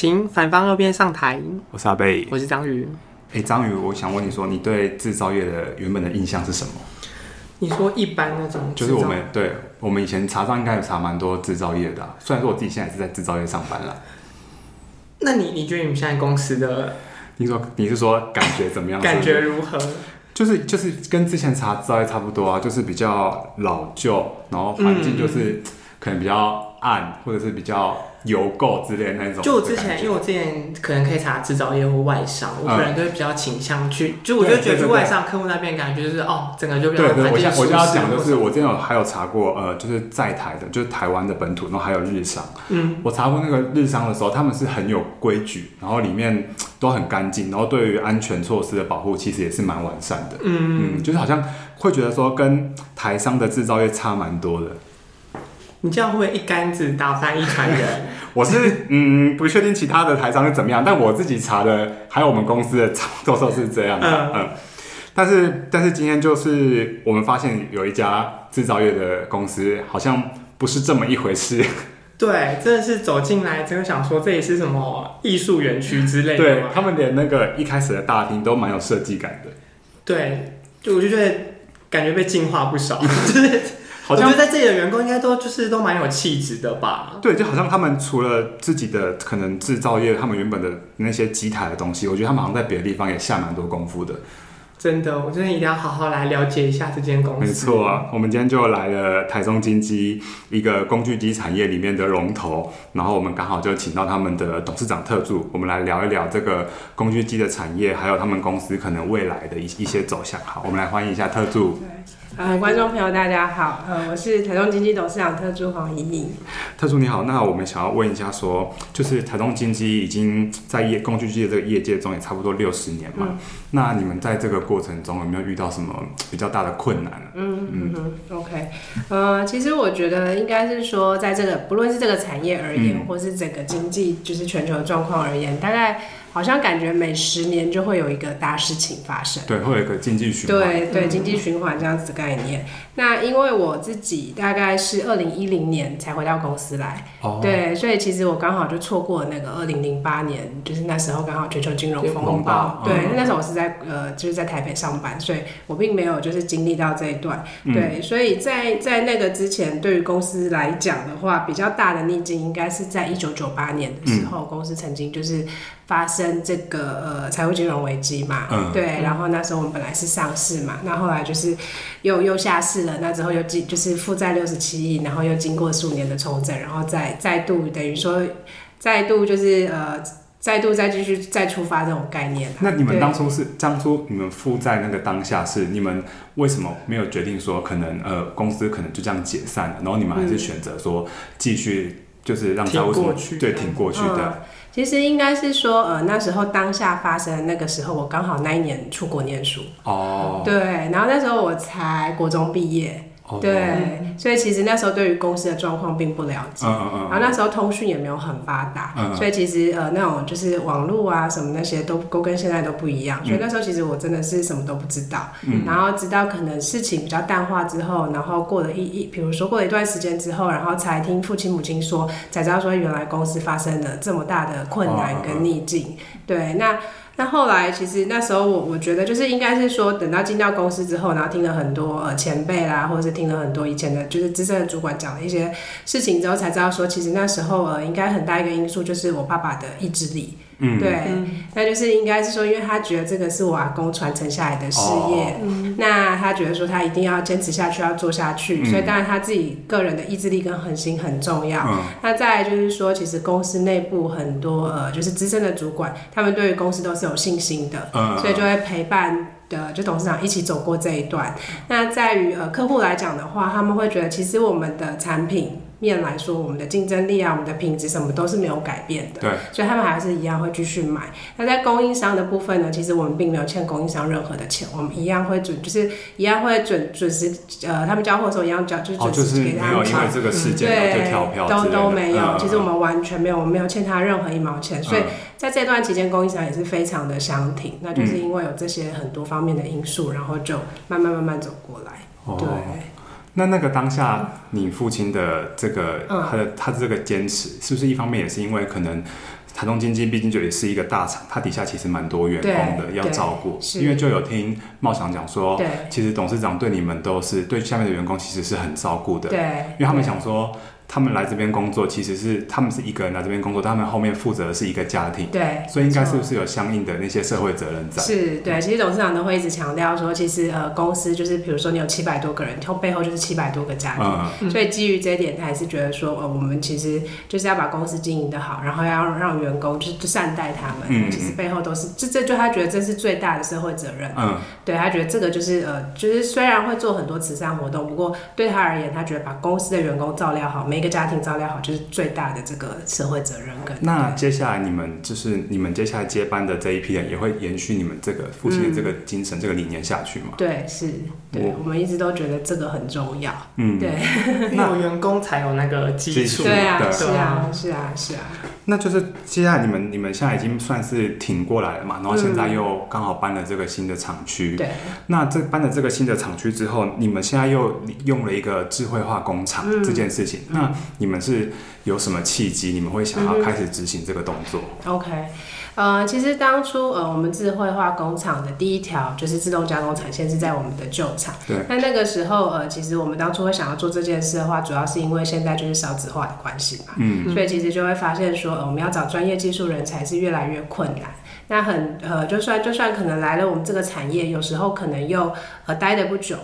行，反方右邊上台。我是阿貝，我是章魚。哎，欸、章魚，我想問你說，你對製造業的原本的印象是什麼？你說一般那種，就是我們對我們以前查賬應該有查蠻多製造業的、啊。雖然說我自己現在是在製造業上班了。那你你覺得你們現在公司的？你說你是說感覺怎麼樣？感覺如何？就是就是跟之前查製造業差不多啊，就是比較老舊，然後環境就是可能比較暗，嗯嗯或者是比較。郵購之類的那種，就我之前，因為我之前可能可以查制造業或外商，我個人都會比較傾向去，嗯、就我就覺得去外商對對對對客戶那邊感覺就是哦，整個就比較。對，對對，我我就要講，就是，是我之前有還有查過，呃，就是在台的，就是台灣的本土，然後還有日商。嗯。我查過那個日商的時候，他們是很有規矩，然後裡面都很乾淨，然後對於安全措施的保護其實也是蠻完善的。嗯嗯。就是好像會覺得說，跟台商的制造業差蠻多的。你這樣會不會一竿子打翻一船人？ 我是嗯，不確定其他的台商是怎麼樣，但我自己查的還有我們公司的差不多都是這樣的，嗯、嗯。但是但是今天就是我們發現有一家製造業的公司好像不是這麼一回事。對，真的是走進來，真的想說這也是什麼藝術園區之類的。對，他們連那個一開始的大廳都蠻有設計感的。對，就我就覺得感覺被淨化不少， 就是我覺得這裡的員工應該都就是都蠻有氣質的吧。對，就好像他們除了自己的可能制造業，他們原本的那些機台的東西，我覺得他們好像在別的地方也下蠻多功夫的。真的，我覺得一定要好好來了解一下這間公司。沒錯啊，我們今天就來了台中精機，一個工具機產業裡面的龍頭，然後我們剛好就請到他們的董事長特助，我們來聊一聊這個工具機的產業，還有他們公司可能未來的一一些走向。好，我們來歡迎一下特助。呃，觀眾朋友大家好，呃，我是台中精機董事長特助黃瑩瑩。特助你好，那我們想要問一下說，說就是台中精機已經在業工具機這個業界中也差不多六十年嘛，嗯、那你們在這個過程中有沒有遇到什麼比較大的困難？嗯嗯。嗯嗯 OK，呃，其實我覺得應該是說，在這個不論是這個產業而言，嗯、或是整個經濟就是全球的狀況而言，大概。好像感覺每十年就會有一個大事情發生，對，會有一個經濟循環，對對，經濟循環這樣子概念。嗯、那因為我自己大概是二零一零年才回到公司來，哦哦對，所以其實我剛好就錯過了那個二零零八年，就是那時候剛好全球金融風風暴，對，嗯、對，那時候我是在呃就是在台北上班，所以我並沒有就是經歷到這一段。嗯、對，所以在在那個之前，對於公司來講的話，比較大的逆境應該是在一九九八年的時候，嗯、公司曾經就是。發生這個呃財務金融危機嘛，嗯、對，然後那時候我們本來是上市嘛，那後來就是又又下市了，那之後又就是負債六十七億，然後又經過數年的重整，然後再再度等於說再度就是呃再度再繼續再出發這種概念。那你們當初是對當初你們負債那個當下是你們為什麼沒有決定說可能呃公司可能就這樣解散了，然後你們還是選擇說繼續就是讓財務什去？對挺過去的？其實應該是說，呃，那時候當下發生那個時候，我剛好那一年出國念書哦，oh. 對，然後那時候我才國中畢業。Oh, 對，所以其實那時候對於公司的狀況並不了解，uh uh uh, 然後那時候通訊也沒有很發達，uh uh, 所以其實呃那種就是網絡啊什麼那些都都跟現在都不一樣，所以那時候其實我真的是什麼都不知道，um, 然後直到可能事情比較淡化之後，然後過了一一比如說過了一段時間之後，然後才聽父親母親說，才知道說原來公司發生了這麼大的困難跟逆境，uh uh uh. 對，那。那後來，其實那時候我我覺得就是應該是說，等到進到公司之後，然後聽了很多呃前輩啦，或者是聽了很多以前的，就是資深的主管講的一些事情之後，才知道說，其實那時候呃，應該很大一個因素就是我爸爸的意志力。嗯、對，嗯、那就是應該是說，因為他覺得這個是我阿公傳承下來的事業，哦、那他覺得說他一定要堅持下去，要做下去，嗯、所以當然他自己個人的意志力跟恆心很重要。嗯、那再來就是說，其實公司內部很多呃，就是資深的主管，他們對於公司都是有信心的，哦、所以就會陪伴的就董事長一起走過這一段。那在於呃客戶來講的話，他們會覺得其實我們的產品，面來說，我們的競爭力啊，我們的品質什麼都是沒有改變的，對，所以他們還是一樣會繼續買。那在供應商的部分呢，其實我們並沒有欠供應商任何的錢，我們一樣會準，就是一樣會準準時呃，他們交貨的時候一樣交，就準時給他們發。哦就是、沒有因為這個時間跳票的、嗯，對，都都沒有。嗯、其實我們完全沒有，我們沒有欠他任何一毛錢，嗯、所以在這段期間，供應商也是非常的相挺。那就是因為有這些很多方面的因素，嗯、然後就慢慢慢慢走過來，對。哦哦哦那那個當下，你父親的這個，他的他這個堅持，是不是一方面也是因為可能，台中精機畢竟就也是一個大廠，他底下其實蠻多員工的要照顧，因為就有聽茂祥講說，其實董事長對你們都是對下面的員工其實是很照顧的，因為他們想說。他們來這邊工作，其實是他們是一個人來這邊工作，但他們後面負責的是一個家庭，對，所以應該是不是有相應的那些社會責任在？是，對，嗯、其實董事長都會一直強調說，其實呃，公司就是比如說你有七百多個人，後背後就是七百多個家庭，嗯、所以基於這一點，他還是覺得說，呃，我們其實就是要把公司經營得好，然後要讓員工就是善待他們，嗯嗯其實背後都是這這就，就他覺得這是最大的社會責任，嗯，對他覺得這個就是呃，就是雖然會做很多慈善活動，不過對他而言，他覺得把公司的員工照料好，沒。一個家庭照料好就是最大的這個社會責任跟，那接下來你們就是你們接下來接班的這一批人也會延續你們這個父親的這個精神、這個理念下去嗎？對，是，對，我們一直都覺得這個很重要。嗯，對，那有員工才有那個基礎。對啊，是啊，是啊，是啊。那就是接下來你們你們現在已經算是挺過來了嘛？然後現在又剛好搬了這個新的廠區。對。那這搬了這個新的廠區之後，你們現在又用了一個智慧化工廠這件事情。那你們是有什麼契機？你們會想要開始執行這個動作？嗯。OK，呃，其實當初呃，我們智慧化工廠的第一條就是自動加工產線是在我們的舊廠。對。那那個時候呃，其實我們當初會想要做這件事的話，主要是因為現在就是少子化的關係嘛。嗯。所以其實就會發現說，呃，我們要找專業技術人才是越來越困難。那很呃，就算就算可能來了我們這個產業，有時候可能又呃待得不久。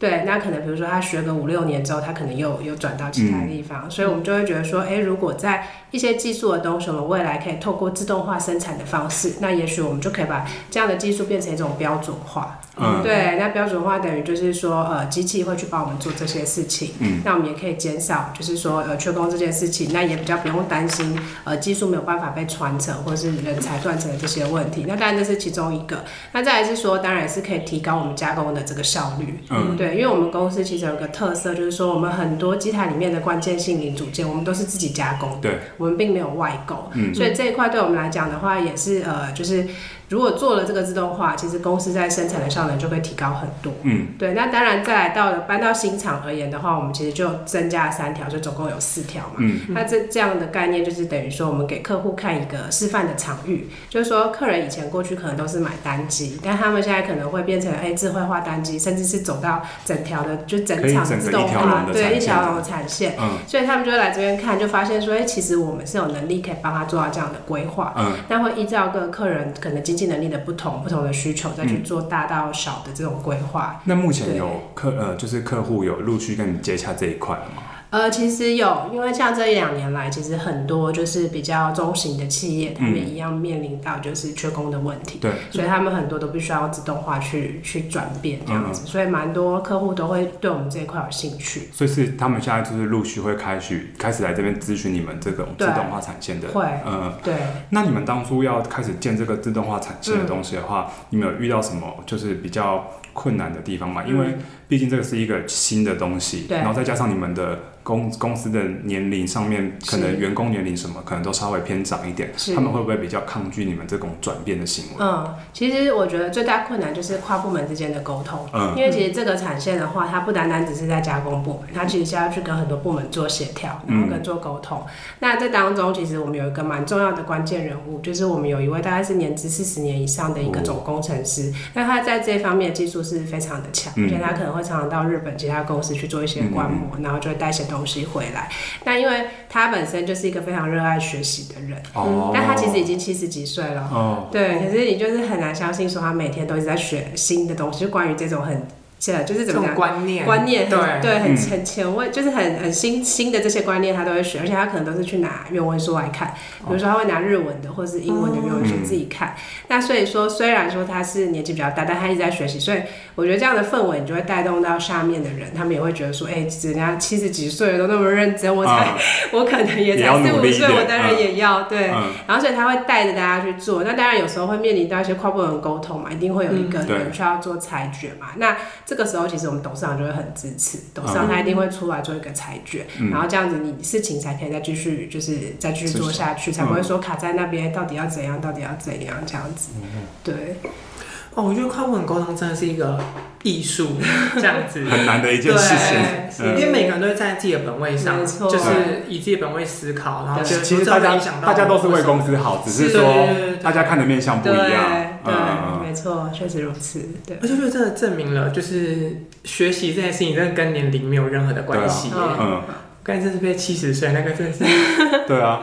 對，那可能比如說他學個五六年之後，他可能又又轉到其他地方，嗯，所以我們就會覺得說，誒，如果在一些技術的東西，我們未來可以透過自動化生產的方式，那也許我們就可以把這樣的技術變成一種標準化。嗯，對，那標準化等於就是說，呃，機器會去幫我們做這些事情，嗯，那我們也可以減少，就是說，呃，缺工這件事情，那也比較不用擔心，呃，技術沒有辦法被傳承或者是人才斷層的這些問題。那當然這是其中一個，那再來是說，當然是可以提高我們加工的這個效率，嗯，嗯，對，因為我們公司其實有一個特色，就是說我們很多機台裡面的關鍵性零組件，我們都是自己加工，對，我們並沒有外購，嗯，所以這一塊對我們來講的話，也是呃，就是。如果做了這個自動化，其實公司在生產的效能就會提高很多。嗯，對。那當然，再來到搬到新廠而言的話，我們其實就增加了三條，就總共有四條嘛。嗯。那這這樣的概念就是等於說，我們給客戶看一個示範的場域，就是說，客人以前過去可能都是買單機，但他們現在可能會變成哎、欸，智慧化單機，甚至是走到整條的就整廠的自動化，嗯、對，一小條產線。嗯。所以他們就會來這邊看，就發現說，哎、欸，其實我們是有能力可以幫他做到這樣的規劃。嗯。那會依照各客人可能經。能力的不同，不同的需求，再去做大到小的這種規劃。嗯。那目前有客對呃，就是客戶有陸續跟你接洽這一塊了嗎？呃，其實有，因為像這一兩年來，其實很多就是比較中型的企業，嗯、他們一樣面臨到就是缺工的問題，對，所以，所以他們很多都必須要自動化去去轉變這樣子，嗯、所以蠻多客戶都會對我們這一塊有興趣。所以是他們現在就是陸續會開始開始來這邊諮詢你們這個自動化產線的，會對，嗯，對。那你們當初要開始建這個自動化產線的東西的話，嗯、你們有，有遇到什麼就是比較？困難的地方嘛，因為畢竟這個是一個新的東西，嗯、然後再加上你們的公公司的年齡上面，對可能員工年齡什麼，可能都稍微偏長一點，是他們會不會比較抗拒你們這種轉變的行為？嗯，其實我覺得最大困難就是跨部門之間的溝通，嗯，因為其實這個產線的話，它不單單只是在加工部門，它其實是要去跟很多部門做協調，然後跟做溝通。嗯、那在當中，其實我們有一個蠻重要的關鍵人物，就是我們有一位大概是年資四十年以上的一個總工程師，那、哦、他在這方面的技術是。是非常的強，而且他可能會常常到日本其他公司去做一些觀摩，嗯嗯嗯，然後就會帶一些東西回來。那因為他本身就是一個非常熱愛學習的人、哦嗯，但他其實已經七十幾歲了，哦、對，可是你就是很難相信說他每天都一直在學新的東西，就關於這種很。是，就是怎麼樣觀念觀念，對對，很很前衛，就是很很新新的這些觀念他都會學，而且他可能都是去拿原文書來看，比如說他會拿日文的或是英文的原文書自己看。那所以說，雖然說他是年紀比較大，但他一直在學習，所以我覺得這樣的氛圍你就會帶動到下面的人，他們也會覺得說，哎，人家七十幾歲都那麼認真，我才我可能也才四五歲，我當然也要對。然後所以他會帶着大家去做，那當然有時候會面臨到一些跨部門溝通嘛，一定會有一個人需要做裁決嘛，那。這個時候，其實我們董事長就會很支持，董事長他一定會出來做一個裁決，嗯、然後這樣子，你事情才可以再繼續，就是再繼續做下去，嗯、才不會說卡在那邊，到底要怎樣，到底要怎樣這樣子，對。哦，我覺得跨部門溝通真的是一個藝術，這樣子很難的一件事情。因為每個人都在自己的本位上，就是以自己的本位思考，然後其實大家大家都是為公司好，只是說大家看的面相不一樣。對，沒錯，確實如此。而且，就真的證明了，就是學習這件事情，真的跟年齡沒有任何的關係。嗯，剛才這是不是七十歲？那個真的是對啊。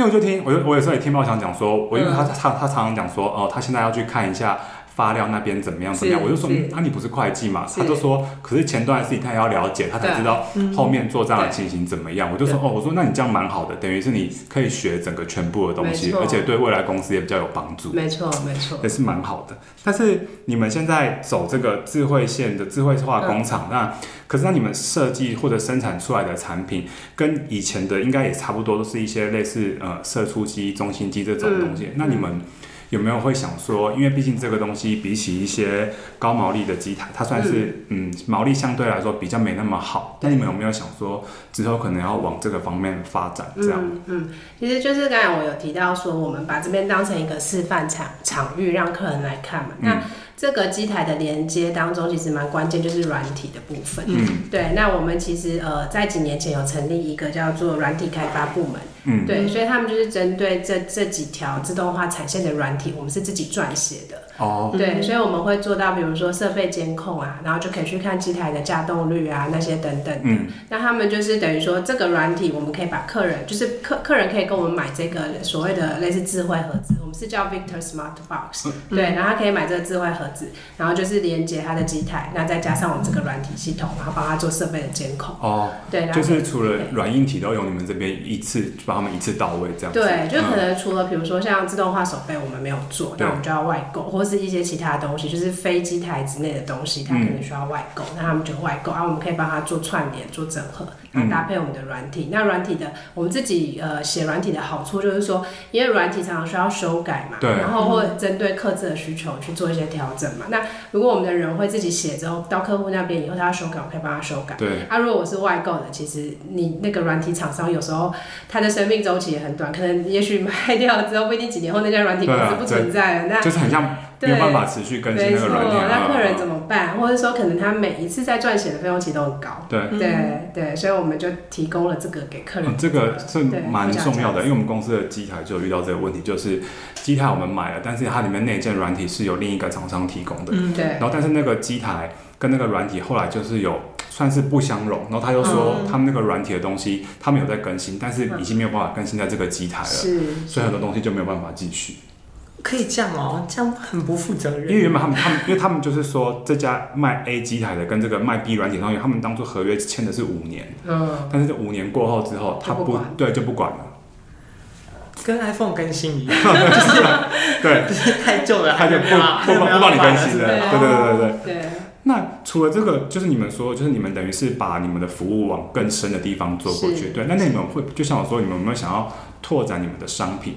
因為我就聽，我我有時候也聽茂翔講說，嗯、我因為他他他常常講說，哦、呃，他現在要去看一下。發料那邊怎麼樣？怎麼樣？我就說，那你不是會計嘛？他就說，可是前段時間他也要了解，他才知道後面做賬的情形怎麼樣。我就說，哦，我說那你這樣蠻好的，等於是你可以學整個全部的東西，而且對未來公司也比較有幫助。沒錯，沒錯，也是蠻好的。但是你們現在走這個智慧線的智慧化工廠，那可是那你們設計或者生產出來的產品，跟以前的應該也差不多，都是一些類似呃射出機、中心機這種東西。那你們。有沒有會想說，因為畢竟這個東西比起一些高毛利的機台，它算是嗯，嗯毛利相對來說比較沒那麼好。嗯、但你們有沒有想說之後可能要往這個方面發展？這樣嗯。嗯，其實就是剛才我有提到說，我們把這邊當成一個示範場場域，讓客人來看嘛。嗯、那這個機台的連接當中，其實蠻關鍵，就是軟體的部分。嗯，對。那我們其實呃，在幾年前有成立一個叫做軟體開發部門，嗯，對，所以他們就是針對這這幾條自動化產線的軟體，我們是自己撰寫的。哦，對，所以我們會做到，比如說設備監控啊，然後就可以去看機台的稼動率啊那些等等的。嗯，那他們就是等於說，這個軟體我們可以把客人，就是客客人可以跟我們買這個所謂的類似智慧盒子，我們是叫 Victor Smart Box，嗯。對，然後他可以買這個智慧盒子，然後就是連接他的機台，那再加上我們這個軟體系統，然後幫他做設備的監控。哦，對，然後就是除了軟硬體都要用你們這邊一次。他們一次到位，這樣對，就可能除了比如說像自動化手臂我們沒有做，嗯、那我們就要外購，或是一些其他的東西，就是飛機台之內的東西，它可能需要外購，嗯、那他們就外購啊，我們可以幫他做串聯、做整合，來搭配我們的軟體。嗯、那軟體的我們自己呃寫軟體的好處就是說，因為軟體常常需要修改嘛，對，然後或者針對客製的需求去做一些調整嘛。嗯、那如果我們的人會自己寫之後，到客戶那邊以後他要修改，我可以幫他修改，對。那、啊、如果我是外購的，其實你那個軟體廠商有時候他的。生命週期也很短，可能也許賣掉了之後，不一定幾年後那家軟體公司不存在了。啊、那就是很像沒有辦法持續更新那個軟體。啊、那客人怎麼辦、啊？嗯、或者說，可能他每一次在賺錢的費用期都很高。嗯、對對對，所以我們就提供了這個給客人、嗯。這個是蠻重要的，因為我們公司的機台就有遇到這個問題，就是機台我們買了，但是它裡面那件軟體是由另一個廠商提供的。嗯，對。然後，但是那個機台跟那個軟體後來就是有。算是不相容，然後他又說他們那個軟體的東西，他們有在更新，但是已經沒有辦法更新在這個機台了，所以很多東西就沒有辦法繼續。可以這樣哦？這樣很不負責任。因為原本他們他們，因為他們就是說這家賣 A 機台的跟這個賣 B 軟體商，他們當初合約簽的是五年，嗯，但是這五年過後之後，他不對就不管了。跟 iPhone 更新一樣，對，太舊了，他就不不不幫你更新了，對對對對對。那除了這個，就是你們說，就是你們等於是把你們的服務往更深的地方做過去，對？那你們會就像我說，你們有沒有想要拓展你們的商品？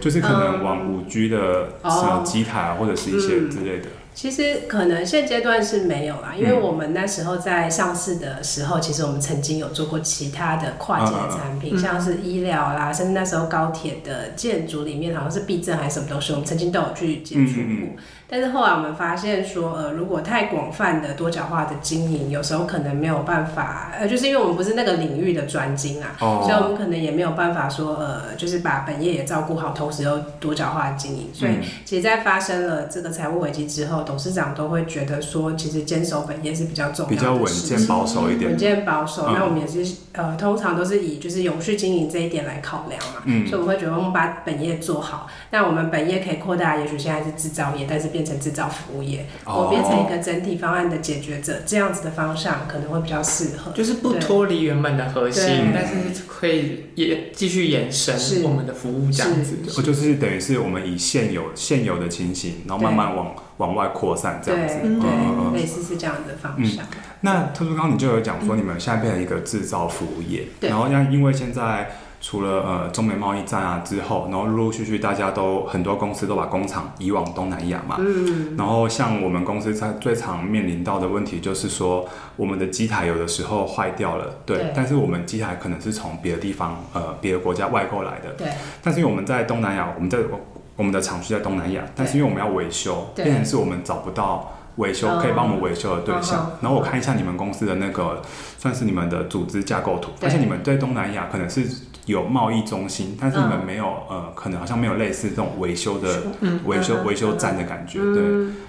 就是可能往五 G 的什麼機台、啊嗯、或者是一些之類的。其實可能現階段是沒有啦，因為我們那時候在上市的時候，嗯、其實我們曾經有做過其他的跨界的產品，嗯嗯、像是醫療啦，甚至那時候高鐵的建築裡面好像是避震還是什麼東西，我們曾經都有去接觸過。嗯嗯嗯但是後來我們發現說，呃，如果太廣泛的多角化的經營，有時候可能沒有辦法，呃，就是因為我們不是那個領域的專精啊，哦哦，所以我們可能也沒有辦法說，呃，就是把本業也照顧好，同時又多角化的經營。所以，其實在發生了這個財務危機之後，董事長都會覺得說，其實堅守本業是比較重要的事情、比較穩健保守一點、穩健保守。嗯、那我們也是，呃，通常都是以就是永續經營這一點來考量嘛，嗯，所以我們會覺得我們把本業做好，那我們本業可以擴大，也許現在是制造業，但是變。成製造服務業，我變成一個整體方案的解決者，這樣子的方向可能會比較適合。就是不脫離原本的核心，但是可以也繼續延伸我們的服務這樣子。我就是等於是我們以現有現有的情形，然後慢慢往往外擴散這樣子。對，類似是這樣的方向。那特殊剛你就有講說，你們現在變成一個製造服務業，然後呢，因為現在。除了呃中美貿易戰啊之後，然後陸陸續續大家都很多公司都把工廠移往東南亞嘛。嗯。然後像我們公司最常面臨到的問題就是說，我們的機台有的時候壞掉了。對。對，但是我們機台可能是從別的地方呃別的國家外購來的。對。但是因為我們在東南亞，我們在我們的廠區在東南亞，對但是因為我們要維修，對變成是我們找不到維修然後可以幫我們維修的對象。然後我看一下你們公司的那個算是你們的組織架構圖，對而且你們對東南亞可能是。有貿易中心，但是你們沒有，呃，可能好像沒有類似這種維修的維修維修站的感覺，對。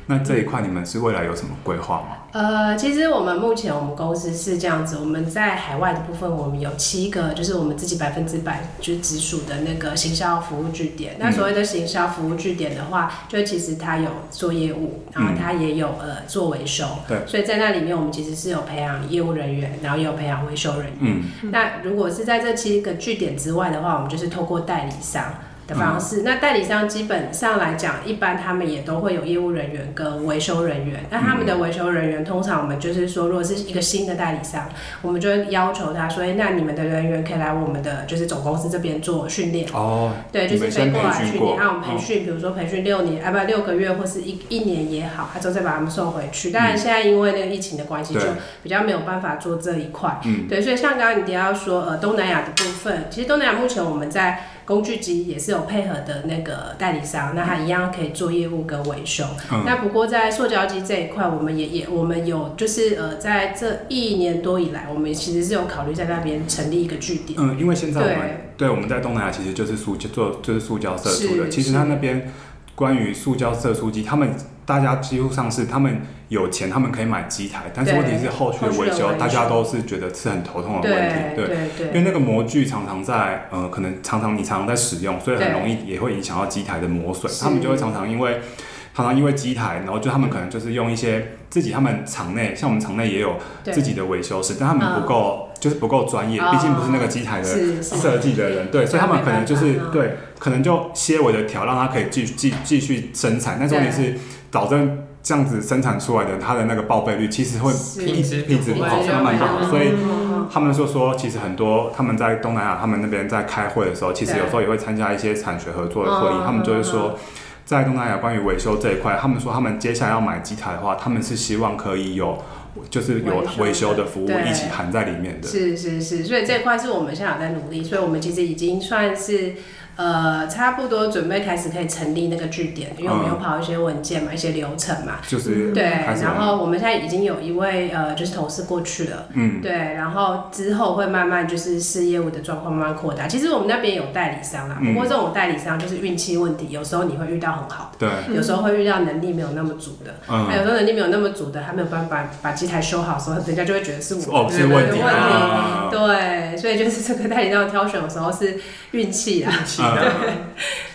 那這一塊你們是未來有什麼規劃嗎？呃，其實我們目前我們公司是這樣子，我們在海外的部分，我們有七個，就是我們自己百分之百就是，直屬的那個行銷服務據點。嗯、那所謂的行銷服務據點的話，就其實它有做業務，然後它也有呃做維修。對、嗯，所以在那裡面，我們其實是有培養業務人員，然後也有培養維修人員。嗯、那如果是在這七個據點之外的話，我們就是透過代理商的方式，嗯、那代理商基本上來講，一般他們也都會有業務人員跟維修人員。那、嗯、他們的維修人員，通常我們就是說，如果是一個新的代理商，我們就會要求他說：“哎、欸，那你們的人員可以來我們的就是總公司這邊做訓練。”哦，對，就是飛過來訓練，我們培訓，嗯、比如說培訓六年啊，要不六個月或是一一年也好，他就再把他們送回去。當然現在因為那個疫情的關係，就比較沒有辦法做這一塊。嗯，對，所以像剛剛你提到說，呃，東南亞的部分，其實東南亞目前我們在。工具機也是有配合的那個代理商，那他一樣可以做業務跟維修。嗯、那不過在塑膠機這一塊，我們也也我們有就是呃，在這一年多以來，我們其實是有考慮在那邊成立一個據點。嗯，因為現在我們對，對，我們在東南亞其實就是塑膠做就是塑膠射出的，其實他那邊關於塑膠射出機，他們。大家幾乎上是，他們有錢，他們可以買機台，但是問題是後續的維修，大家都是覺得是很頭痛的問題，對，因為那個模具常常在，呃，可能常常你常常在使用，所以很容易也會影響到機台的磨損，他們就會常常因為常常因為機台，然後就他們可能就是用一些自己他們廠內，像我們廠內也有自己的維修室，但他們不夠，就是不夠專業，畢竟不是那個機台的設計的人，對，所以他們可能就是對，可能就些微的調，讓他可以繼繼繼續生產，但問題是。導致這樣子生產出來的，它的那個報廢率其實會品質品質不好，就會慢慢好。就所以他們就說，其實很多他們在東南亞，他們那邊在開會的時候，其實有時候也會參加一些產學合作的會議。Oh, 他們就是說，在東南亞關於維修這一塊，oh, oh, oh, oh. 他們說他們接下來要買機台的話，他們是希望可以有就是有維修的服務一起含在裡面的。是是是，所以這一塊是我們現在在努力，所以我們其實已經算是。呃，差不多準備開始可以成立那個據點，因為我們有跑一些文件嘛，嗯、一些流程嘛。就是、嗯。對，然後我們現在已經有一位呃，就是同事過去了。嗯。對，然後之後會慢慢就是事業務的狀況慢慢擴大。其實我們那邊有代理商啦，嗯、不過這種代理商就是運氣問題，有時候你會遇到很好的，對。有時候會遇到能力沒有那麼足的，嗯。有時候能力沒有那麼足的，他沒有辦法把機台修好的時候，人家就會覺得是我的問題。哦、問題、啊。 對，所以就是這個代理商挑選的時候是。運氣，運氣、嗯。對，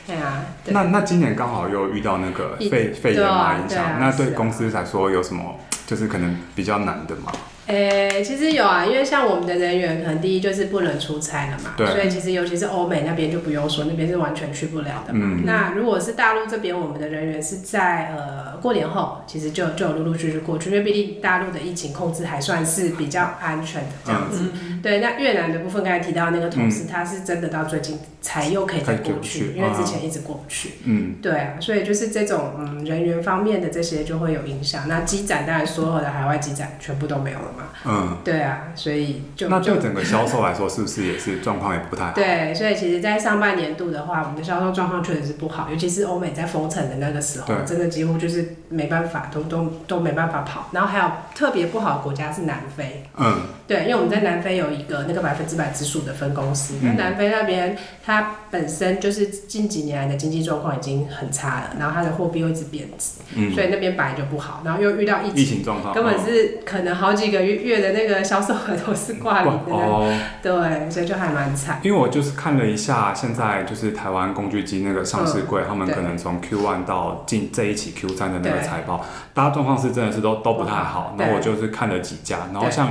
對啊。對，那那今年剛好又遇到那個肺肺炎嘛、啊，影響、啊，對啊、那對公司來說有什麼、啊、就是可能比較難的嗎？誒、欸，其實有啊，因為像我們的人員，可能第一就是不能出差了嘛，對所以其實尤其是歐美那邊就不用說，那邊是完全去不了的嘛。嗯、那如果是大陸這邊，我們的人員是在呃過年後，其實就就陸陸續續過去，因為畢竟大陸的疫情控制還算是比較安全的這樣子。嗯嗯、對，那越南的部分剛才提到那個同事，嗯、他是真的到最近才又可以再過去，去嗯、因為之前一直過不去。嗯，對啊，所以就是這種嗯人員方面的這些就會有影響。嗯、那集展，當然，所有的海外集展全部都沒有了嘛。嗯，對啊，所以就那就整個銷售來說，是不是也是狀況也不太好？ 對，所以其實，在上半年度的話，我們的銷售狀況確實是不好，尤其是歐美在封城的那個時候，對真的幾乎就是沒辦法，都都都沒辦法跑。然後還有特別不好的國家是南非，嗯，對，因為我們在南非有一個那個百分之百指數的分公司，因為、嗯、南非那邊它本身就是近幾年來的經濟狀況已經很差了，然後它的貨幣又一直貶值，嗯，所以那邊本來就不好，然後又遇到疫情，疫情狀況，根本是可能好幾個。月、月的那個銷售額都是掛零的哦，對，所以就還蠻慘。因為我就是看了一下，現在就是台灣工具機那個上市櫃，哦、他們可能從 Q1 到進這一期 Q3 的那個財報，對大家狀況是真的是都都不太好。嗯、然後我就是看了幾家，對然後像。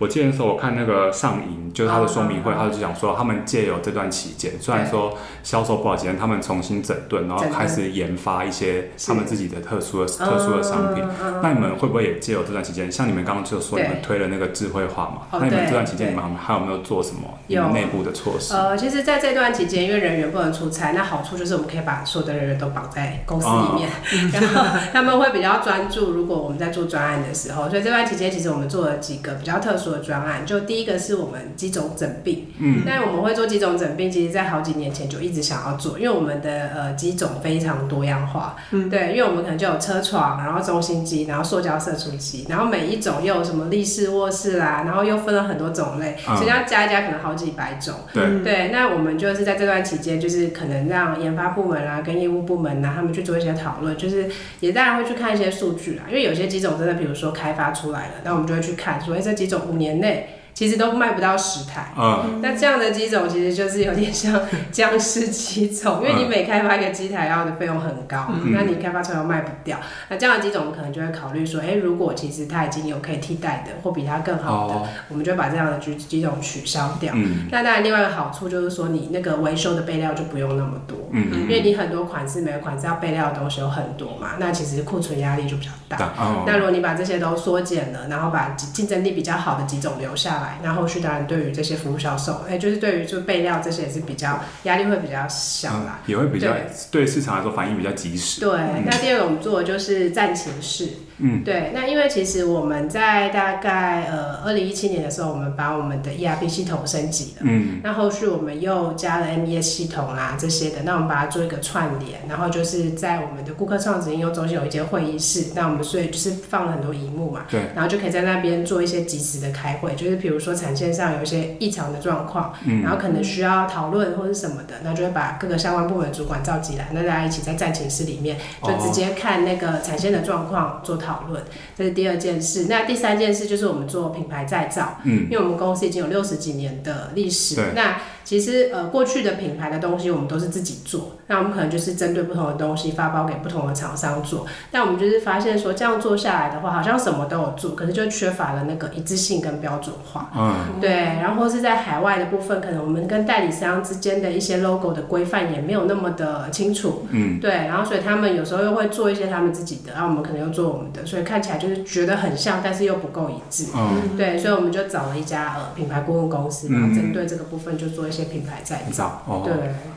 我記得那時候我看那個上銀，就是他的說明會，嗯嗯嗯、他就講說他們借由這段期間，雖然說銷售不好，期間他們重新整頓，然後開始研發一些他們自己的特殊的、嗯嗯、特殊的商品。嗯、那你們會不會也借由這段期間？像你們剛剛就說你們推了那個智慧化嘛，嗯、那你們這段期間你們還有沒有做什麼、哦、你們內部的措施？呃，其實在這段期間，因為人員不能出差，那好處就是我們可以把所有的人員都綁在公司裡面，嗯、 然後他們會比較專注。如果我們在做專案的時候，所以這段期間其實我們做了幾個比較特殊的。做專案，就第一個是我們機種整併。嗯，但我們會做機種整併，其實在好幾年前就一直想要做，因為我們的呃機種非常多樣化，嗯，對，因為我們可能就有車床，然後中心機，然後塑膠射出機，然後每一種又有什麼立式、臥式啦，然後又分了很多種類，所以要加一加可能好幾百種，嗯、對，嗯、對，那我們就是在這段期間，就是可能讓研發部門啦、啊，跟業務部門啊他們去做一些討論，就是也當然會去看一些數據啦，因為有些機種真的，比如說開發出來了，那我們就會去看，所以這機種。年內。其實都賣不到十台，嗯、那這樣的機種其實就是有點像僵屍機種，因為你每開發一個機台，要的費用很高，嗯、那你開發出來又賣不掉，那這樣的機種可能就會考慮說，哎、欸，如果其實它已經有可以替代的或比它更好的，哦、我們就把這樣的機機種取消掉。嗯、那當然，另外一個好處就是說，你那個維修的備料就不用那麼多，嗯嗯嗯，因為你很多款式，每個款式要備料的東西有很多嘛，那其實庫存壓力就比較大。哦、那如果你把這些都縮減了，然後把競爭力比較好的機種留下來。那後續當然對於這些服務銷售，哎，就是對於就備料這些也是比較壓力會比較小啦、嗯，也會比較對市場來說反應比較及時。對，嗯、對，那第二個我們做的就是暫形式。嗯，對，那因為其實我們在大概呃二零一七年的時候，我們把我們的 ERP 系統升級了。嗯。那後續我們又加了 MES 系統啊這些的，那我們把它做一個串聯，然後就是在我們的顧客創新應用中心有一間會議室，那我們所以就是放了很多熒幕嘛。對。然後就可以在那邊做一些即時的開會，就是比如說產線上有一些異常的狀況，嗯。然後可能需要討論或者什麼的，那就會把各個相關部門主管召集來，那大家一起在戰情室裡面就直接看那個產線的狀況做討。哦 討論，這是第二件事。那第三件事就是我們做品牌再造。嗯，因為我們公司已經有六十幾年的歷史。對那其實呃，過去的品牌的東西，我們都是自己做。那我們可能就是針對不同的東西發包給不同的廠商做。但我們就是發現說，這樣做下來的話，好像什麼都有做，可是就缺乏了那個一致性跟標準化。嗯。對。然後是在海外的部分，可能我們跟代理商之間的一些 logo 的規範也沒有那麼的清楚。嗯。對。然後所以他們有時候又會做一些他們自己的，那、啊、我們可能又做我們的。所以看起來就是覺得很像，但是又不夠一致。嗯、對，所以我們就找了一家呃品牌顧問公司，然後針對這個部分就做一些品牌再造。嗯、對，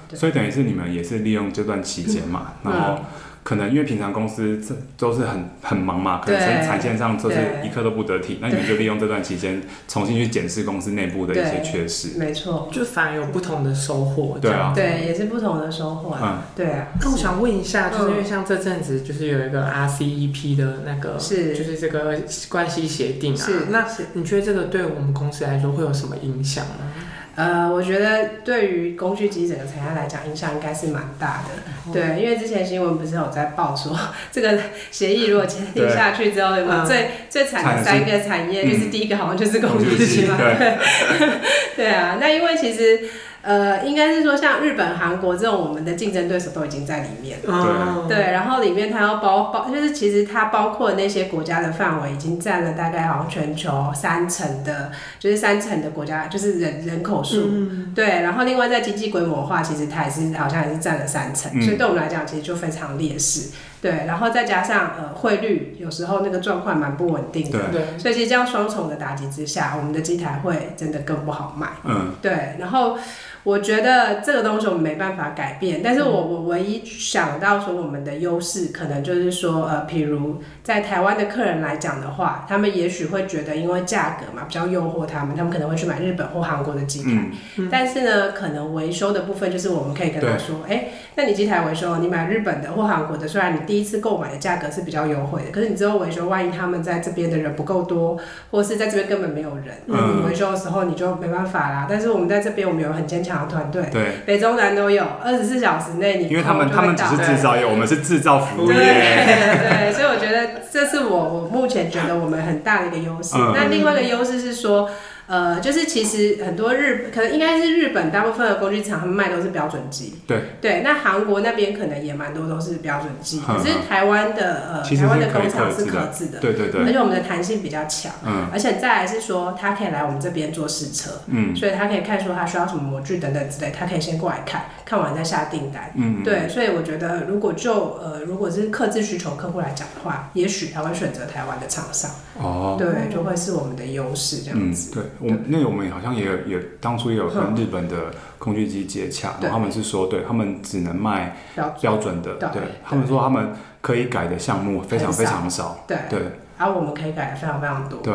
對。所以等於是你們也是利用這段期間嘛，嗯、然後。可能因為平常公司這都是很很忙嘛，可能生產線上都是一刻都不得停。對那你們就利用這段期間，重新去檢視公司內部的一些缺失，沒錯，就反而有不同的收穫。對啊，對，也是不同的收穫啊。嗯、對啊，那是、啊、我想問一下，就是因為像這陣子就是有一個 RCEP 的那個，是，就是這個關係協定啊，是是是，那你覺得這個對我們公司來說會有什麼影響呢？呃，我覺得對於工具機整個產業來講，影響應該是蠻大的。嗯、對，因為之前新聞不是有在報說，這個協議如果簽訂下去之後，有沒有，最最慘的三個產業就、嗯、是第一個好像就是工具機嘛。機對， 對啊， 那因為其實。呃，應該是說像日本、韓國這種，我們的競爭對手都已經在裡面了。對、哦、對，然後裡面它要包包，就是其實它包括那些國家的範圍，已經佔了大概好像全球三成的，就是三成的國家，就是人人口數。嗯、對，然後另外在經濟規模化，其實它也是好像也是佔了三成，嗯、所以對我們來講，其實就非常劣勢。對，然後再加上呃匯率有時候那個狀況蠻不穩定的，對所以其實這樣雙重的打擊之下，我們的機台會真的更不好賣。嗯。對，然後。我覺得這個東西我們沒辦法改變，但是我我唯一想到說我們的優勢可能就是說，呃，譬如在台灣的客人來講的話，他們也許會覺得因為價格嘛比較誘惑他們，他們可能會去買日本或韓國的機台。嗯嗯、但是呢，可能維修的部分就是我們可以跟他說，哎對、欸，那你機台維修，你買日本的或韓國的，雖然你第一次購買的價格是比較優惠的，可是你之後維修，萬一他們在這邊的人不夠多，或是在這邊根本沒有人，嗯、你維修的時候你就沒辦法啦。但是我們在這邊，我們有很堅強。團隊對北中南都有二十四小時內，你因為他們他們只是制造業，對我們是製造服務業對，對，對，對， 所以我覺得這是我，我目前覺得我們很大的一個優勢。那，嗯嗯、另外一個優勢是說。呃，就是其實很多日可能應該是日本大部分的工具廠，他們賣都是標準機。對對，那韓國那邊可能也蠻多都是標準機，可是台灣的呃，台灣的工廠是客製的，對對對，而且我們的彈性比較強，嗯，而且再來是說他可以來我們這邊做試車，嗯，所以他可以看說他需要什麼模具等等之類，他可以先過來看看完再下訂單，嗯，嗯，對，所以我覺得如果就呃如果是客製需求客戶來講的話，也許他會選擇台灣的廠商哦，對，就會是我們的優勢這樣子，嗯、對。我們那我們好像也有，也當初也有跟日本的空軍機接洽，然後他們是說，對，他們只能賣標準的，對，他們說他們可以改的項目非常非常少，對對，而我們可以改的非常非常多，對，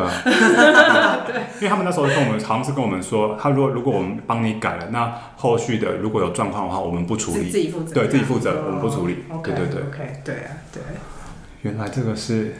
因為他們那時候跟我們好像是跟我們說，他如果，如果我們幫你改了，那後續的如果有狀況的話，我們不處理，自己負責，對，自己負責，我們不處理，對對對，OK，對啊，對，原來這個是。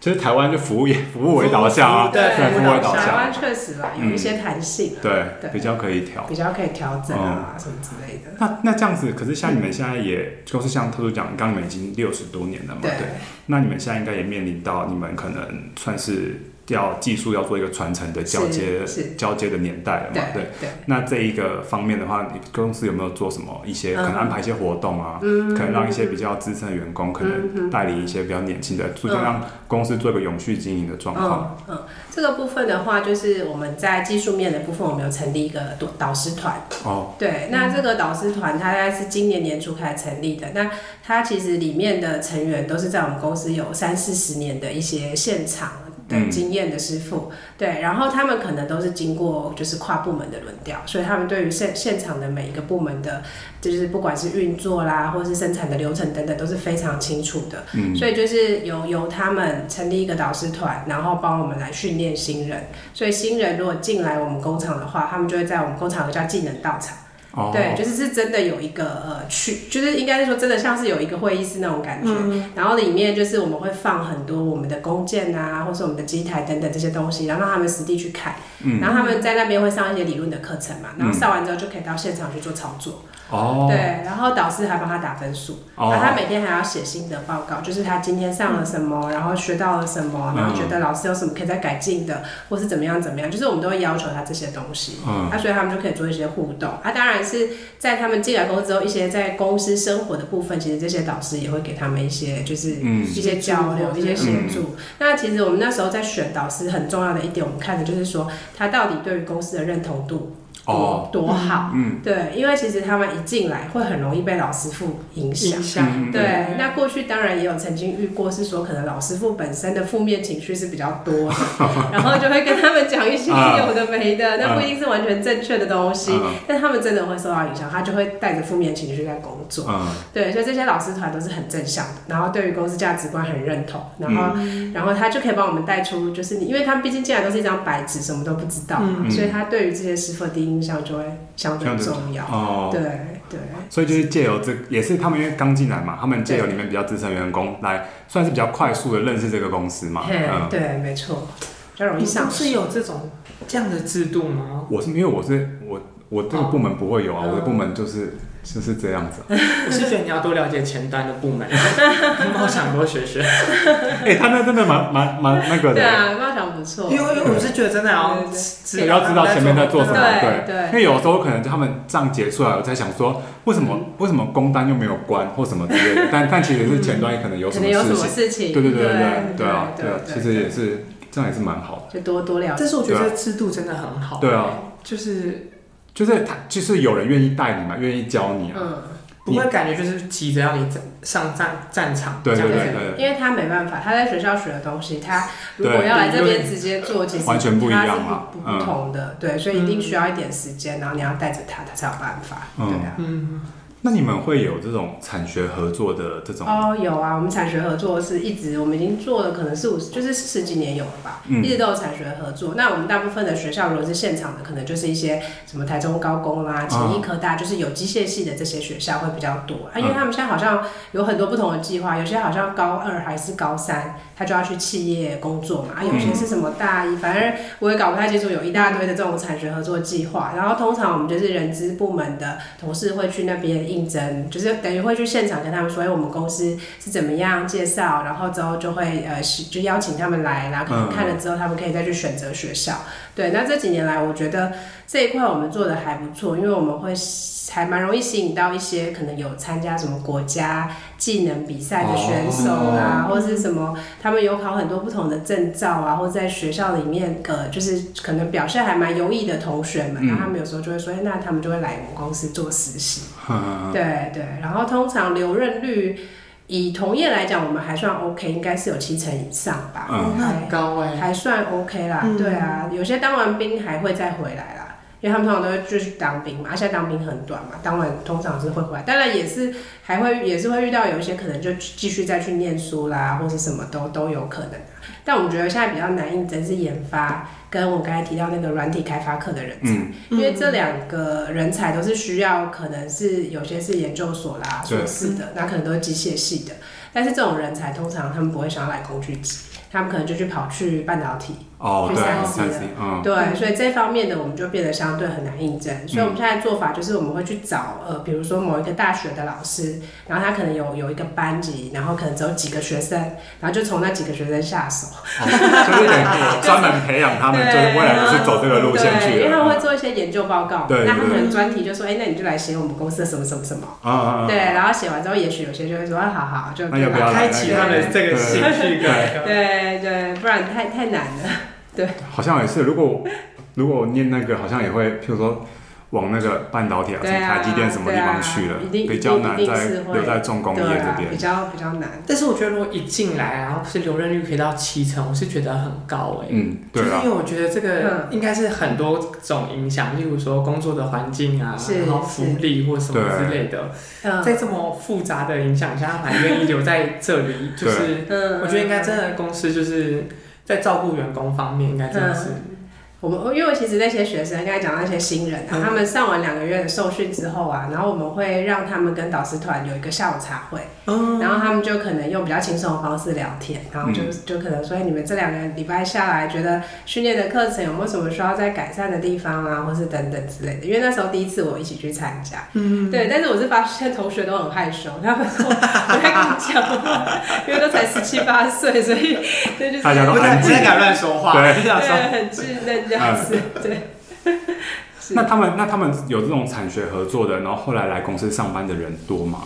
其實台灣就服務業，服務為導向啊，服務為導向，對，台灣確實吧，嗯、有一些彈性，對，對比較可以調，比較可以調整啊、嗯、什麼之類的。那那這樣子，可是像你們現在也，也、嗯、就是像特殊講，剛你，你們已經六十多年了嘛，對，對，那你們現在應該也面臨到，你們可能算是。要技術要做一個傳承的交接，是是交接的年代了嘛？對，對，那這一個方面的話，你公司有沒有做什麼一些、嗯、可能安排一些活動啊？嗯，可能讓一些比較資深的員工、嗯、可能帶領一些比較年輕的，逐漸、嗯、讓公司做一個永續經營的狀況、嗯嗯嗯。這個部分的話，就是我們在技術面的部分，我們有成立一個導師團。哦，對，那這個導師團，它大概是今年年初開始成立的。那它其實裡面的成員都是在我們公司有三四十年的一些現場。嗯、經驗的師傅，對，然後他們可能都是經過就是跨部門的輪調，所以他們對於現現場的每一個部門的，就是不管是運作啦，或者是生產的流程等等都是非常清楚的。嗯，所以就是由由他們成立一個導師團，然後幫我們來訓練新人。所以新人如果進來我們工廠的話，他們就會在我們工廠的叫技能道場。對，就是是真的有一個呃去，就是應該是說真的像是有一個會議室那種感覺，嗯、然後裡面就是我們會放很多我們的工件啊，或是我們的機台等等這些東西，然後讓他們實地去看，嗯、然後他們在那邊會上一些理論的課程嘛，然後上完之後就可以到現場去做操作。哦、嗯。對，然後導師還幫他打分數，他，哦、他每天還要寫心得報告，就是他今天上了什麼，嗯、然後學到了什麼，然後覺得老師有什麼可以再改進的，或是怎麼樣怎麼樣，就是我們都會要求他這些東西。嗯。那、啊、所以他們就可以做一些互動。啊，當然。是在他們進來公司之後，一些在公司生活的部分，其實這些導師也會給他們一些，就是一些交流、嗯、一些協助。嗯、那其實我們那時候在選導師很重要的一點，我們看的就是說他到底對於公司的認同度。多多好，嗯，嗯，對，因為其實他們一進來會很容易被老師傅影響，嗯、對。那過去當然也有曾經遇過，是說可能老師傅本身的負面情緒是比較多的，然後就會跟他們講一些有的沒的， 那不一定是完全正確的東西，嗯、但他們真的會受到影響，他就會帶着負面情緒在工作，嗯、對。所以這些老師團都是很正向的，然後對於公司價值觀很認同，然後，嗯、然後他就可以幫我們帶出，就是你，因為他們畢竟進來都是一張白紙，什麼都不知道嘛，嗯、所以他對於這些師傅第一。印象就會相對重要哦，對對，對所以就是借由這，也是他們因為剛進來嘛，他們借由裡面比較資深員工來，對算是比較快速的認識這個公司嘛，嘿對，沒錯，比較容易上。你們是有這種這樣的制度嗎？我是因為我是我我這個部門不會有啊，哦、我的部門就是。是不是這樣子，我是覺得你要多了解前端的部門，我想多學學。哎，他那真的蠻蠻蠻那個的。對啊，貓廠不錯。因因為我是覺得真的要知，要知道前面在做什麼。對對。因為有時候可能他們賬結出來，我在想說為什麼為什麼工單又沒有關或什麼之類的，但但其實是前端也可能有什麼事情，對對對對對對啊對啊，其實也是這樣，還是蠻好的。就多多了解。但是我覺得制度真的很好。對啊，就是。就是他，就是有人願意帶你嘛，願意教你啊。嗯，你不會感覺就是急着要你上戰戰場，對對對。因為他沒辦法，他在學校學的東西，他如果要來這邊直接做，對對對。其實他是不不同的，對，所以一定需要一點時間，然後你要帶着他，他才有辦法，嗯、對啊。嗯那你們會有這種產學合作的這種哦？有啊，我們產學合作是一直我們已經做了，可能四五就是十幾年有了吧，嗯、一直都有產學合作。那我們大部分的學校如果是現場的，可能就是一些什麼台中高工啦、啊、勤益科大，啊、就是有機械系的這些學校會比較多啊，啊因為他們現在好像有很多不同的計劃，嗯、有些好像高二還是高三他就要去企業工作嘛，啊，有些是什麼大一，嗯、反正我也搞不太清楚，有一大堆的這種產學合作計劃。然後通常我們就是人資部門的同事會去那邊。應徵就是等於會去現場跟他們說，哎，我們公司是怎麼樣介紹，然後之後就會呃，就邀請他們來，然後看，看了之後，他們可以再去選擇學校。對，那這幾年來，我覺得。這一塊我們做的還不錯，因為我們會還蠻容易吸引到一些可能有參加什麼國家技能比賽的選手啊，oh. 或者是什麼他們有考很多不同的證照啊，或在學校裡面呃，就是可能表現還蠻優異的同學們，嗯、然後他們有時候就會說，那他們就會來我們公司做實習。Uh. 對對，然後通常留任率以同業來講，我們還算 OK，應該是有七成以上吧。很高哎，oh、my 還算 OK 啦。嗯、對啊，有些當完兵還會再回來啦。因為他們通常都會就去當兵嘛，而、啊、且當兵很短嘛，當完通常是會回來。當然也是還會也是會遇到有一些可能就繼續再去念書啦，或者什麼都都有可能、啊。但我們覺得現在比較難，應徵是研發跟我剛才提到那個軟體開發課的人才，嗯、因為這兩個人才都是需要，可能是有些是研究所啦碩士對 的，那可能都是機械系的。但是這種人才通常他們不會想要來工具機，他們可能就去跑去半導體。哦，對，嗯，對，所以這方面呢，我們就變得相對很難應徵。所以我們現在做法就是，我們會去找呃，比如說某一個大學的老師，然後他可能有有一個班級，然後可能只有幾個學生，然後就從那幾個學生下手，哈哈哈哈專門培養他們，就是未來都是走這個路線去，因為他們會做一些研究報告，對，那他們專題就說，哎，那你就來寫我們公司的什麼什麼什麼，對，然後寫完之後，也許有些就會說，好好，就開啟他的這個興趣，對對，不然太太難了。對，好像也是。如果如果念那個，好像也會，譬如說往那個半導體啊，什麼台積電什麼地方去了，比較難再留在重工業這邊，比較比較難。但是我覺得，如果一進來，然後是留任率可以到七成，我是覺得很高耶。嗯，對啊，就是因為我覺得這個應該是很多種影響，例如說工作的環境啊，然後福利或什麼之類的，在這麼複雜的影響下，還願意留在這裡，就是我覺得應該真的公司就是。在照顧員工方面，應該真的是。嗯我們因為我其實那些學生剛才講那些新人、啊嗯、他們上完兩個月的受訓之後啊，然後我們會讓他們跟導師團有一個下午茶會，嗯、然後他們就可能用比較輕鬆的方式聊天，然後就、嗯、就可能說你們這兩個禮拜下來，覺得訓練的課程有沒有什麼需要再改善的地方啊，或是等等之類的。因為那時候第一次我一起去參加，嗯、對，但是我是發現同學都很害羞，他們說，不敢講，因為都才十七八歲，所以大家、就是、都不敢，不太敢亂說話，很稚嫩。對這樣子對，那他們那他們有這種產學合作的，然後後來來公司上班的人多嗎？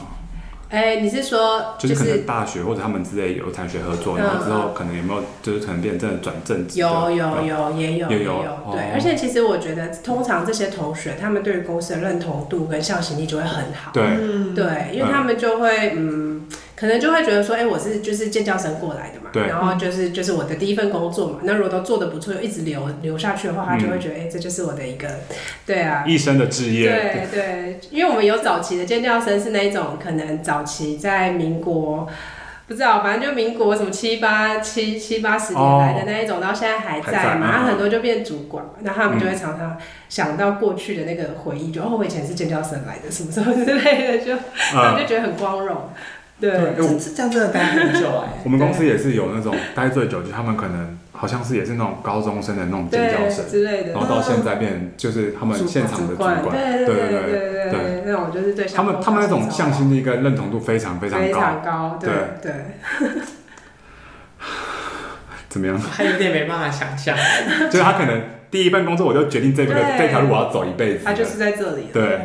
哎，你是說就是可能大學或者他們之類有產學合作，然後之後可能有沒有就是可能變成真的轉正？有有有，也有也有，對。而且其實我覺得，通常這些同學他們對於公司的認同度跟向心力就會很好。對對，因為他們就會嗯。可能就會覺得說，哎，我是就是建教生過來的嘛，然後就是就是我的第一份工作嘛。那如果都做的不錯，一直留留下去的話，他就會覺得，哎，這就是我的一個，對啊，一生的職業。對對，因為我們有早期的建教生是那一種，可能早期在民國不知道，反正就民國什麼七八七七八十年來的那一種，到現在還在嘛。然後很多就變主管，那他們就會常常想到過去的那個回憶，就哦，我以前是建教生來的，什麼什麼之類的，就然後就覺得很光榮。對，這叫熱梗。我們公司也是有那種待最久，就他們可能好像是也是那種高中生的那種尖叫聲之類的，然後到現在變就是他們現場的主管，對對對對對，那種就是對。他們他們那種向心力跟認同度非常非常高，非常高，對對。怎麼樣？他有點沒辦法想象，就是他可能第一份工作我就決定這個這條路我要走一輩子，他就是在這裡，對對。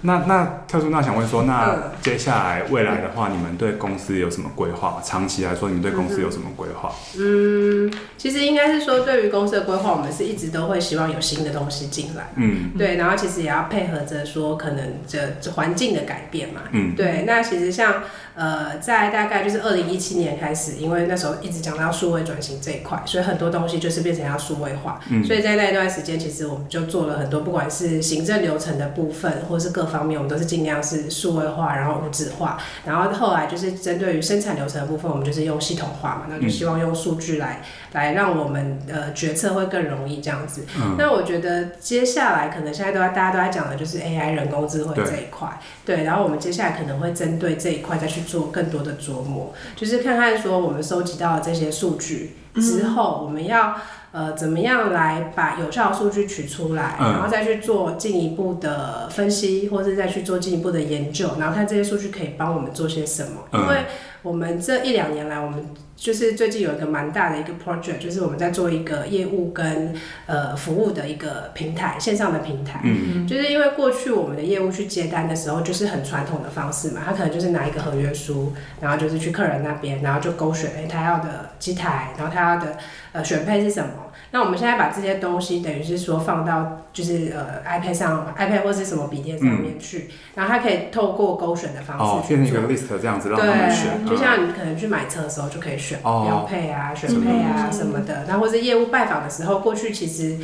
那那。那想問說，那接下來未來的話，嗯，你們對公司有什麼規劃？長期來說，你們對公司有什麼規劃？嗯，其實應該是說，對於公司的規劃，我們是一直都會希望有新的東西進來。嗯，對。然後其實也要配合着說，可能這環境的改變嘛。嗯，對。那其實像呃，在大概就是二零一七年開始，因為那時候一直講到數位轉型這一塊，所以很多東西就是變成要數位化。嗯，所以在那一段時間，其實我們就做了很多，不管是行政流程的部分，或是各方面，我們都是進。樣是數位化，然後無紙化，然後後來就是針對於生產流程的部分，我們就是用系統化嘛，那就希望用數據來來讓我們呃決策會更容易這樣子。嗯、那我覺得接下來可能現在都要大家都在講的就是 AI 人工智慧這一塊，對，對，然後我們接下來可能會針對這一塊再去做更多的琢磨，就是看看說我們收集到了這些數據之後，嗯、我們要。呃，怎麼樣來把有效數據取出來，然後再去做進一步的分析，或是再去做進一步的研究，然後看這些數據可以幫我們做些什麼？因為我們這一兩年來，我們就是最近有一個蠻大的一個 project，就是我們在做一個業務跟呃服務的一個平台，線上的平台，嗯嗯，就是因為過去我們的業務去接單的時候，就是很傳統的方式嘛，他可能就是拿一個合約書，然後就是去客人那邊，然後就勾選哎他、嗯、要的機台，然後他要的呃選配是什麼。那我們現在把這些東西等於是說放到就是呃 iPad 上，iPad 或是什麼筆電上面去，嗯、然後它可以透過勾選的方式、哦，建立一個 list 這樣子讓他們選，對，嗯、就像你可能去買車的時候就可以選標配啊、哦、選配啊、嗯、什麼的，那、嗯、或者業務拜訪的時候，過去其實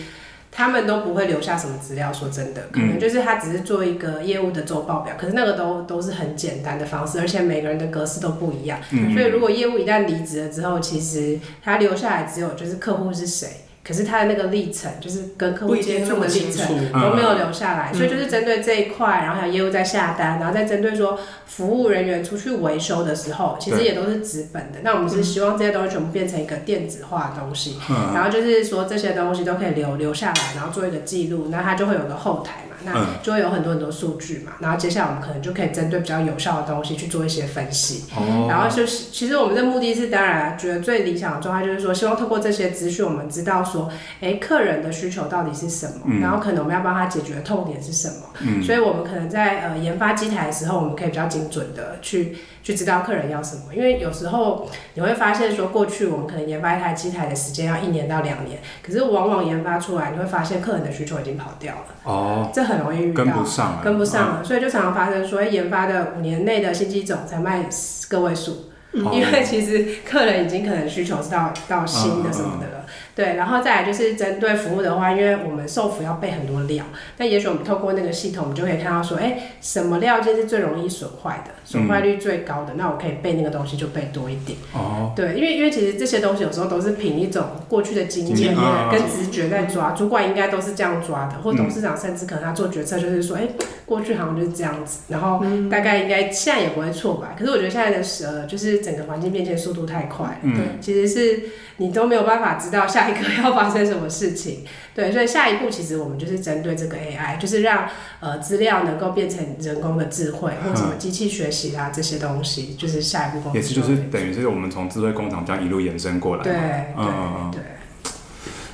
他們都不會留下什麼資料。說真的，可能就是他只是做一個業務的周報表，可是那個都都是很簡單的方式，而且每個人的格式都不一樣。嗯、所以如果業務一旦離職了之後，其實他留下來只有就是客戶是誰。可是他的那個歷程，就是跟客戶接觸的歷程都沒有留下來，所以就是針對這一塊，然後還有業務在下單，然後再針對說服務人員出去維修的時候，其實也都是紙本的。那我們是希望這些東西全部變成一個電子化的東西，然後就是說這些東西都可以留留下來，然後做一個記錄，那它就會有個後台。那就會有很多很多數據嘛，嗯、然後接下來我們可能就可以針對比較有效的東西去做一些分析，嗯、然後就是其實我們的目的是，當然覺得最理想的狀態就是說，希望透過這些資訊，我們知道說，哎，客人的需求到底是什麼，嗯、然後可能我們要幫他解決的痛點是什麼，嗯、所以我們可能在呃研發機台的時候，我們可以比較精準的去去知道客人要什麼，因為有時候你會發現說，過去我們可能研發一台機台的時間要一年到兩年，可是往往研發出來，你會發現客人的需求已經跑掉了，哦，這很。很容易遇到跟不上了，跟不上了，嗯、所以就常常發生，所謂研發的五年內的新機種才賣個位數，嗯、因為其實客人已經可能需求是到、嗯、到新的什麼的了。嗯嗯對，然後再來就是針對服務的話，因為我們售服要備很多料，那也許我們透過那個系統，我們就可以看到說，哎，什麼料件是最容易損壞的，嗯、損壞率最高的，那我可以備那個東西就備多一點。哦，對，因為因為其實這些東西有時候都是憑一種過去的經驗跟直覺在抓，嗯、主管應該都是這樣抓的，或董事長甚至可能他做決策就是說，哎、嗯，過去好像就是這樣子，然後大概應該現在也不會錯吧。可是我覺得現在的呃就是整個環境變遷速度太快了，嗯對，其實是。你都沒有辦法知道下一個要發生什麼事情，對，所以下一步其實我們就是針對這個 AI，就是讓呃資料能夠變成人工的智慧，或什麼機器學習啊這些東西，就是下一步公司也是就是等於是我們從智慧工廠這樣一路延伸過來，對對對，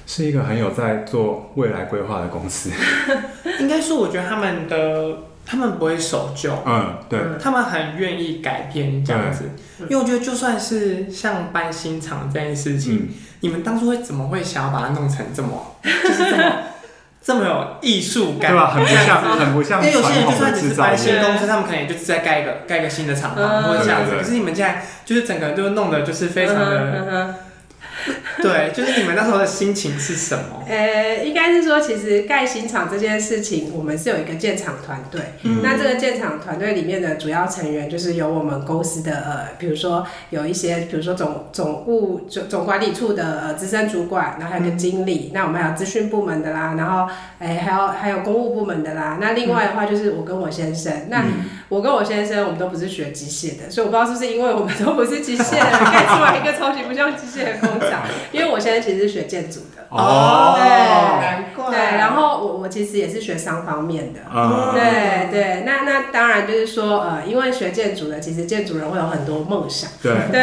是一個很有在做未來規劃的公司， 應該說我覺得他們的。他們不會守舊，嗯，對，他們很願意改變這樣子，因為我覺得就算是像搬新廠這件事情，你們當初會怎麼會想要把它弄成這麼，這麼這麼有藝術感，對吧？很不像，很不像傳統的製造業，因為有些人就算只是搬新東西，他們可能也就是在蓋一個蓋一個新的廠房或者這樣子，可是你們現在就是整個就弄得就是非常的。 對，就是你們那時候的心情是什麼？呃，應該是說，其實蓋新廠這件事情，我們是有一個建廠團隊。嗯、那這個建廠團隊裡面的主要成員，就是有我們公司的呃，比如說有一些，比如說總總務總，總管理處的呃資深主管，然後還有個經理。嗯、那我們還有資訊部門的啦，然後哎、呃，還有還有公務部門的啦。那另外的話，就是我跟我先生、嗯、那。嗯我跟我先生，我們都不是學機械的，所以我不知道是不是因為我們都不是機械的，開 出來一個超級不像機械的工廠。因為我現在其實是學建築的哦，對，難怪。對，然後我我其實也是學商方面的，哦、嗯。對對。那那當然就是說，呃，因為學建築的，其實建築人會有很多夢想，對對。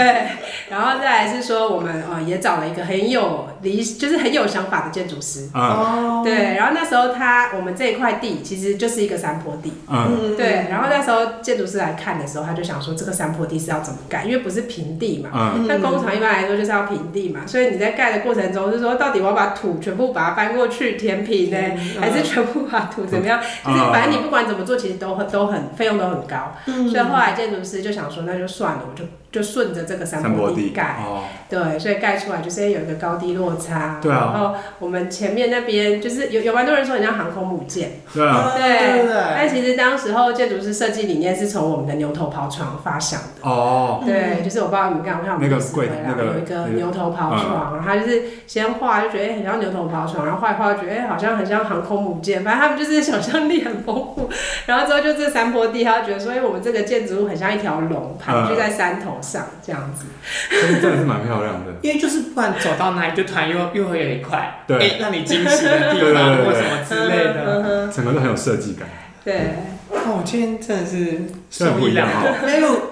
然後再來是說，我們、呃、也找了一個很有理，就是很有想法的建築師，哦、嗯，對。然後那時候他，我們這一塊地其實就是一個山坡地，嗯，對。然後那時候。建築師來看的時候，他就想說，這個山坡地是要怎麼蓋？因為不是平地嘛，嗯、但工廠一般來說就是要平地嘛，所以你在蓋的過程中就說到底我要把土全部把它搬過去填平呢？欸，嗯、還是全部把土怎麼樣？嗯、就是反正你不管怎麼做，其實都很都很費用都很高。所以後來建築師就想說，那就算了，我就。就順着這個山坡地蓋，地哦，對，所以蓋出來就是有一個高低落差。對、啊、然後我們前面那邊就是有有蠻多人說很像航空母艦。對啊。對，對，對，對，但其實當時候建築師設計理念是從我們的牛頭刨床發想的。哦。對，就是我不知道你們看，我想那個櫃那個有一個牛頭刨床，嗯、然後他就是先畫就覺得很像牛頭刨床，然後畫一畫覺得哎好像很像航空母艦，反正他們就是想象力很豐富。然後之後就這山坡地，他就覺得說哎我們這個建築物很像一條龍盤踞在山頭。嗯這樣子，但是真的是蠻漂亮的。 因為就是不管走到哪裡就突然，就突然又又會有一塊，對、欸，讓你驚喜的地方或什麼之類的，對對對對 整個都很有設計感。對、嗯哦，我今天真的是很不一樣、哦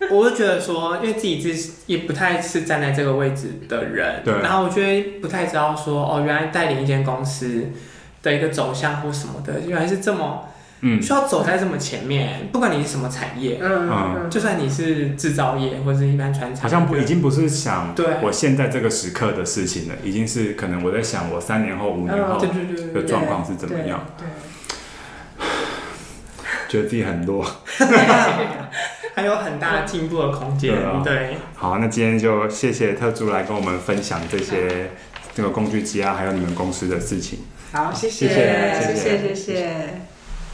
欸、我就覺得說，因為自己是也不太是站在這個位置的人，對。然後我覺得不太知道說，哦，原來帶領一間公司的一個走向或什麼的，原來是這麼。嗯、需要走在這麼前面，不管你是什麼產業，嗯嗯，就算你是製造業或者是一般傳統產業、嗯、好像不已經不是想對我現在這個時刻的事情了，對已經是可能我在想我三年後五年後的狀況是怎麼樣，覺得自己很弱 還有很大進步的空間。對、哦、對，好，那今天就謝謝特助來跟我們分享這些這個工具機啊，還有你們公司的事情。好，謝謝、謝、謝、謝謝，謝謝，謝謝。